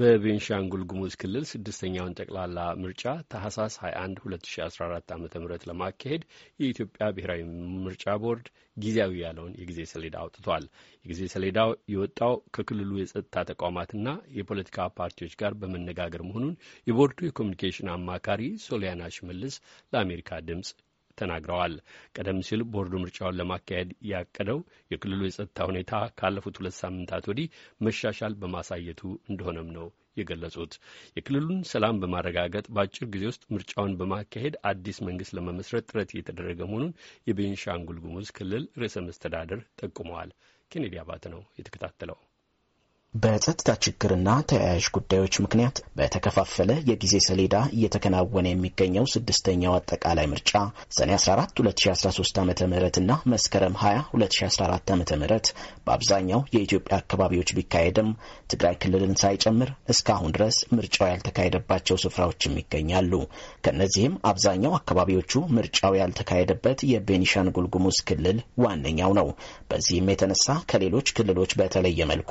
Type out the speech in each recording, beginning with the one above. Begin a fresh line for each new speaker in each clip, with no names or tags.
በቤንሻንጉል ጉሙዝ ክልል ስድስተኛውን ጠቅላላ ምርጫ ታህሳስ 21 2014 ዓ ም ለማካሄድ የኢትዮጵያ ብሔራዊ ምርጫ ቦርድ ጊዜያዊ ያለውን የጊዜ ሰሌዳ አውጥቷል። የጊዜ ሰሌዳው የወጣው ከክልሉ የጸጥታ ተቋማትና የፖለቲካ ፓርቲዎች ጋር በመነጋገር መሆኑን የቦርዱ የኮሚኒኬሽን አማካሪ ሶሊያና ሽመልስ ለአሜሪካ ድምፅ ተናግረዋል። ቀደም ሲል ቦርዱ ምርጫውን ለማካሄድ ያቀደው የክልሉ የጸጥታ ሁኔታ ካለፉት ሁለት ሳምንታት ወዲህ መሻሻል በማሳየቱ እንደሆነም ነው የገለጹት። የክልሉን ሰላም በማረጋገጥ በአጭር ጊዜ ውስጥ ምርጫውን በማካሄድ አዲስ መንግስት ለመመስረት ጥረት እየተደረገ መሆኑን የቤንሻንጉል ጉሙዝ ክልል ርዕሰ መስተዳደር ጠቁመዋል። ኬኔዲ አባተ ነው የተከታተለው።
በጸጥታ ችግርና ተያያዥ ጉዳዮች ምክንያት በተከፋፈለ የጊዜ ሰሌዳ እየተከናወነ የሚገኘው ስድስተኛው አጠቃላይ ምርጫ ሰኔ 14 2013 ዓ እና መስከረም 20 2014 ዓ ም በአብዛኛው የኢትዮጵያ አካባቢዎች ቢካሄድም ትግራይ ክልልን ሳይጨምር እስካሁን ድረስ ምርጫው ያልተካሄደባቸው ስፍራዎችም ይገኛሉ። ከእነዚህም አብዛኛው አካባቢዎቹ ምርጫው ያልተካሄደበት የቤኒሻንጉል ጉሙዝ ክልል ዋነኛው ነው። በዚህም የተነሳ ከሌሎች ክልሎች በተለየ መልኩ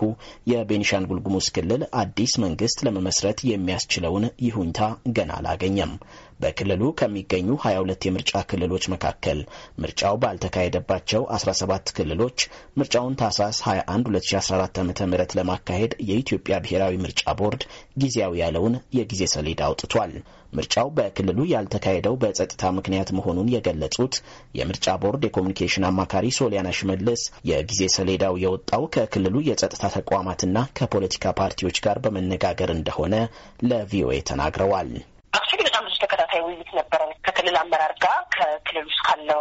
በቤኒሻንጉል ጉሙዝ ክልል አዲስ መንግስት ለመመስረት የሚያስችለውን ይሁኝታ ገና አላገኘም። በክልሉ ከሚገኙ 22 የምርጫ ክልሎች መካከል ምርጫው ባልተካሄደባቸው 17 ክልሎች ምርጫውን ታህሳስ 21 2014 ዓ.ም ለማካሄድ የኢትዮጵያ ብሔራዊ ምርጫ ቦርድ ጊዜያዊ ያለውን የጊዜ ሰሌዳ አውጥቷል። ምርጫው በክልሉ ያልተካሄደው በጸጥታ ምክንያት መሆኑን የገለጹት የምርጫ ቦርድ የኮሚኒኬሽን አማካሪ ሶሊያና ሽመልስ የጊዜ ሰሌዳው የወጣው ከክልሉ የጸጥታ ተቋማትና ከፖለቲካ ፓርቲዎች ጋር በመነጋገር እንደሆነ ለቪኦኤ ተናግረዋል።
ውይይት ነበረ ከክልል አመራር ጋር ከክልል ውስጥ ካለው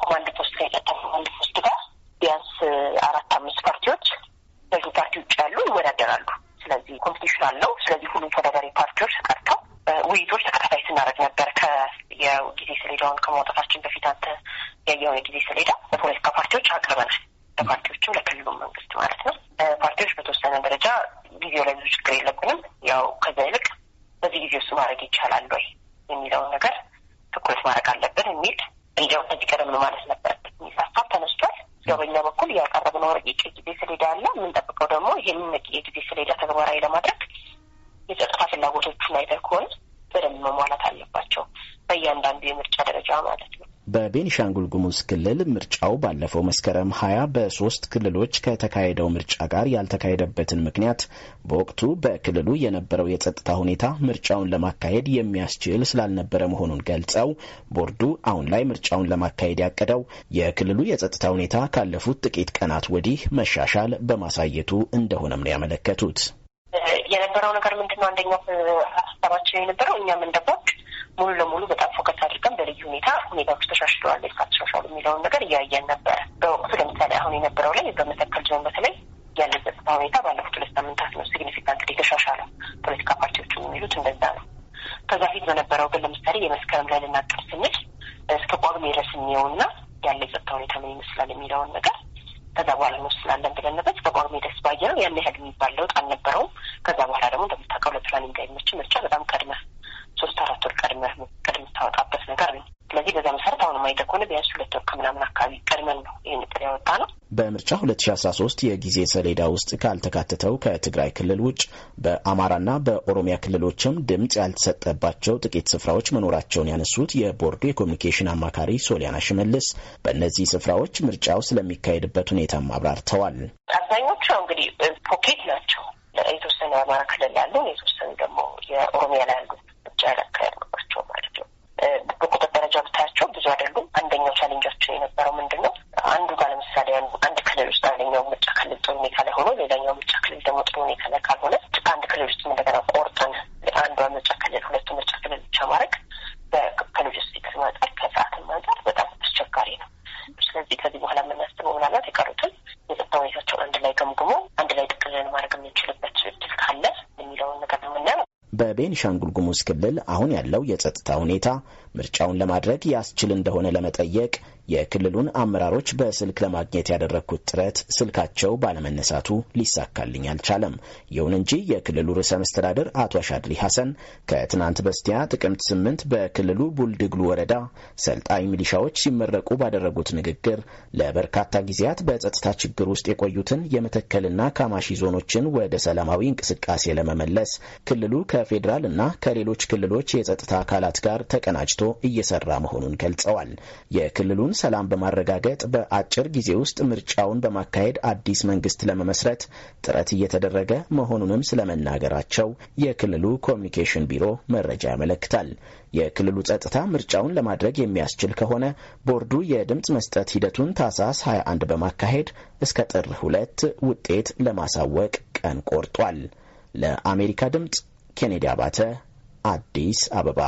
ኮማንድ ፖስት ጋር የጸጥታ ኮማንድ ፖስት ጋር ቢያንስ አራት አምስት ፓርቲዎች በዚህ ፓርቲ ውጭ ያሉ ይወዳደራሉ። ስለዚህ ኮምፒቲሽን አለው። ስለዚህ ሁሉም ተወዳዳሪ ፓርቲዎች ተቀርተው ውይይቶች ተከታታይ ስናደርግ ነበር። ከየጊዜ ሰሌዳውን ከማውጣታችን በፊት አንተ ያየውን የጊዜ ሰሌዳ ለፖለቲካ ፓርቲዎች አቅርበናል። ለፓርቲዎችም ለክልሉ መንግስት ማለት ነው። ፓርቲዎች በተወሰነ ደረጃ ጊዜው ላይ ብዙ ችግር የለብንም። ያው ከዛ ይልቅ በዚህ ጊዜ ውስጥ ማድረግ ይቻላል ወይ የሚለውን ነገር ትኩረት ማድረግ አለብን የሚል እንዲያው ከዚህ ቀደም ነው ማለት ነበር ሀሳብ ተነስቷል። ያው በእኛ በኩል ያቀረብነው ረቂቅ ጊዜ ሰሌዳ አለ። የምንጠብቀው ደግሞ ይህን የጊዜ ሰሌዳ ተግባራዊ ለማድረግ የጸጥታ ፍላጎቶቹን አይተር ከሆነ በደንብ መሟላት አለባቸው በእያንዳንዱ የምርጫ ደረጃ ማለት
ነው። በቤኒሻንጉል ጉሙዝ ክልል ምርጫው ባለፈው መስከረም ሀያ በሶስት ክልሎች ከተካሄደው ምርጫ ጋር ያልተካሄደበትን ምክንያት በወቅቱ በክልሉ የነበረው የጸጥታ ሁኔታ ምርጫውን ለማካሄድ የሚያስችል ስላልነበረ መሆኑን ገልጸው ቦርዱ አሁን ላይ ምርጫውን ለማካሄድ ያቀደው የክልሉ የጸጥታ ሁኔታ ካለፉት ጥቂት ቀናት ወዲህ መሻሻል በማሳየቱ እንደሆነም ነው ያመለከቱት።
የነበረው ነገር ምንድነው? አንደኛ ሀሳባቸው የነበረው እኛም እንደ ቦርድ ሙሉ ለሙሉ በጣም ፎከስ አድርገን በልዩ ሁኔታ ሁኔታዎች ተሻሽለዋል ወይስ አልተሻሻሉ የሚለውን ነገር እያየን ነበረ። በወቅቱ ለምሳሌ አሁን የነበረው ላይ በመተከል ዞን በተለይ ያለበት ሁኔታ ባለፉት ሁለት ሳምንታት ነው ሲግኒፊካንት የተሻሻለው። ፖለቲካ ፓርቲዎቹ የሚሉት እንደዛ ነው። ከዛ ፊት በነበረው ግን ለምሳሌ የመስከረም ላይ ልናቅር ስንል እስከ ቋግሜ ድረስ የሚየውና ያለ የጸጥታ ሁኔታ ምን ይመስላል የሚለውን ነገር ከዛ በኋላ እንወስናለን ብለን ነበር። እስከ ቋግሜ ድረስ ባየነው ያን ያህል የሚባል ለውጥ አልነበረውም። ከዛ በኋላ ደግሞ እንደምታውቀው ለፕላኒንግ አይመች ምርጫ በጣም ቀድመ ሶስት የማይሄደ ከሆነ ቢያንስ ሁለት ወር ከምናምን አካባቢ ቀድመን ነው ይህን እቅድ ያወጣ ነው።
በምርጫ 2013 የጊዜ ሰሌዳ ውስጥ ካልተካተተው ከትግራይ ክልል ውጭ በአማራና በኦሮሚያ ክልሎችም ድምፅ ያልተሰጠባቸው ጥቂት ስፍራዎች መኖራቸውን ያነሱት የቦርዱ የኮሚኒኬሽን አማካሪ ሶሊያና ሽመልስ በእነዚህ ስፍራዎች ምርጫው ስለሚካሄድበት ሁኔታም አብራርተዋል።
አብዛኞቹ እንግዲህ ፖኬት ናቸው። የተወሰነ የአማራ ክልል ያሉ፣ የተወሰኑ ደግሞ የኦሮሚያ ላይ ያሉ ጥሩ ሁኔታ ላይ ሆኖ ሌላኛው ምርጫ ክልል ደግሞ ጥሩ ሁኔታ ላይ ካልሆነ አንድ ክልል ውስጥ እንደገና ቆርጠን አንዷ ምርጫ ክልል ሁለቱ ምርጫ ክልል ብቻ ማድረግ ከሎጂስቲክስ አንጻር ከሰዓትም አንጻር በጣም አስቸጋሪ ነው። ስለዚህ ከዚህ በኋላ የምናስበው ምናልባት የቀሩትን የጸጥታ ሁኔታቸውን አንድ ላይ ገምግሞ አንድ ላይ ጥቅልን ማድረግ የምንችልበት እድል ካለ የሚለውን ነገር ነው
የምናየው። በቤንሻንጉል ጉሙዝ ክልል አሁን ያለው የጸጥታ ሁኔታ ምርጫውን ለማድረግ ያስችል እንደሆነ ለመጠየቅ የክልሉን አመራሮች በስልክ ለማግኘት ያደረግኩት ጥረት ስልካቸው ባለመነሳቱ ሊሳካልኝ አልቻለም። ይሁን እንጂ የክልሉ ርዕሰ መስተዳደር አቶ አሻድሊ ሐሰን ከትናንት በስቲያ ጥቅምት ስምንት በክልሉ ቡልድግሉ ወረዳ ሰልጣኝ ሚሊሻዎች ሲመረቁ ባደረጉት ንግግር ለበርካታ ጊዜያት በጸጥታ ችግር ውስጥ የቆዩትን የመተከልና ካማሺ ዞኖችን ወደ ሰላማዊ እንቅስቃሴ ለመመለስ ክልሉ ከፌዴራል እና ከሌሎች ክልሎች የጸጥታ አካላት ጋር ተቀናጅቶ እየሰራ መሆኑን ገልጸዋል። የክልሉን ሰላም በማረጋገጥ በአጭር ጊዜ ውስጥ ምርጫውን በማካሄድ አዲስ መንግስት ለመመስረት ጥረት እየተደረገ መሆኑንም ስለመናገራቸው የክልሉ ኮሚኒኬሽን ቢሮ መረጃ ያመለክታል። የክልሉ ጸጥታ ምርጫውን ለማድረግ የሚያስችል ከሆነ ቦርዱ የድምፅ መስጠት ሂደቱን ታህሳስ 21 በማካሄድ እስከ ጥር ሁለት ውጤት ለማሳወቅ ቀን ቆርጧል። ለአሜሪካ ድምፅ ኬኔዲ አባተ አዲስ አበባ